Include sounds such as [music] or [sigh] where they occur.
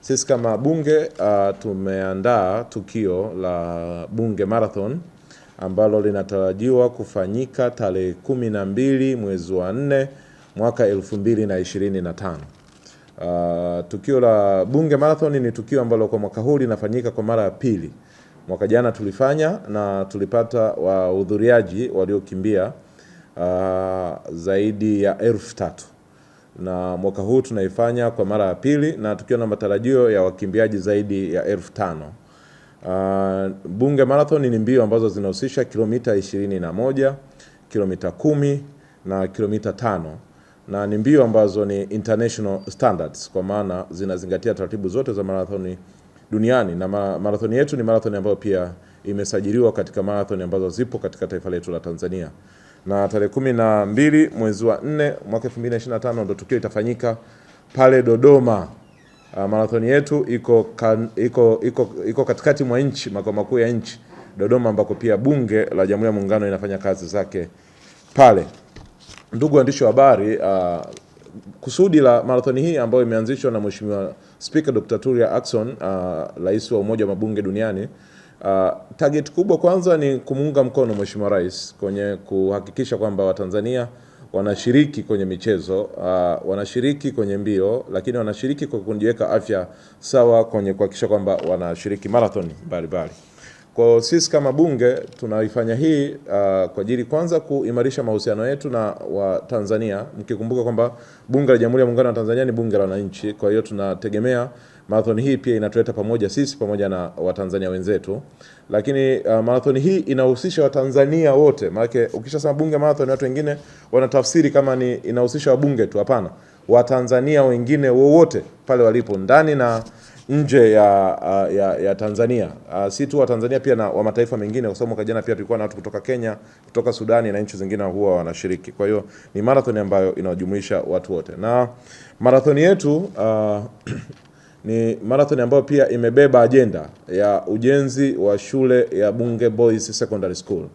Sisi kama bunge uh, tumeandaa tukio la bunge marathon ambalo linatarajiwa kufanyika tarehe kumi na mbili mwezi wa nne mwaka elfu mbili na ishirini na tano. Uh, tukio la bunge marathon ni tukio ambalo kwa mwaka huu linafanyika kwa mara ya pili. Mwaka jana tulifanya na tulipata wahudhuriaji waliokimbia uh, zaidi ya elfu tatu na mwaka huu tunaifanya kwa mara ya pili na tukiwa na matarajio ya wakimbiaji zaidi ya elfu tano. Uh, Bunge Marathon ni mbio ambazo zinahusisha kilomita 21, kilomita kumi na kilomita tano na ni mbio ambazo ni international standards kwa maana zinazingatia taratibu zote za marathoni duniani na marathoni yetu ni marathoni ambayo pia imesajiliwa katika marathoni ambazo zipo katika taifa letu la Tanzania na tarehe kumi na mbili mwezi wa nne mwaka tano ndo tukio itafanyika pale Dodoma. Uh, marathoni yetu iko, kan, iko, iko, iko katikati mwa nchi, makao makuu ya nchi Dodoma, ambako pia bunge la Jamhuri ya Muungano inafanya kazi zake pale. Ndugu waandishi wa habari, uh, kusudi la marathoni hii ambayo imeanzishwa na Mheshimiwa Spika Dr. Tulia Ackson, ah, rais wa Umoja wa Mabunge Duniani Uh, target kubwa kwanza ni kumuunga mkono Mheshimiwa Rais kwenye kuhakikisha kwamba Watanzania wanashiriki kwenye michezo uh, wanashiriki kwenye mbio, lakini wanashiriki kwa kujiweka afya sawa kwenye kuhakikisha kwamba wanashiriki marathon mbalimbali. Kwa sisi kama bunge tunaifanya hii uh, kwa ajili kwanza kuimarisha mahusiano yetu na Watanzania, mkikumbuka kwamba bunge la Jamhuri ya Muungano wa Tanzania ni bunge la wananchi. Kwa hiyo tunategemea marathoni hii pia inatuleta pamoja sisi pamoja na Watanzania wenzetu, lakini uh, marathoni hii inahusisha Watanzania wote, maanake ukishasema bunge marathon watu wengine wanatafsiri kama ni inahusisha wabunge tu. Hapana. Watanzania wengine wowote pale walipo ndani na nje ya, ya, ya Tanzania uh, si tu wa Tanzania pia na wa mataifa mengine, kwa sababu mwaka jana pia tulikuwa na watu kutoka Kenya, kutoka Sudani na nchi zingine huwa wanashiriki. Kwa hiyo ni marathoni ambayo inawajumuisha watu wote, na marathoni yetu uh, [clears throat] ni marathoni ambayo pia imebeba ajenda ya ujenzi wa shule ya Bunge Boys Secondary School.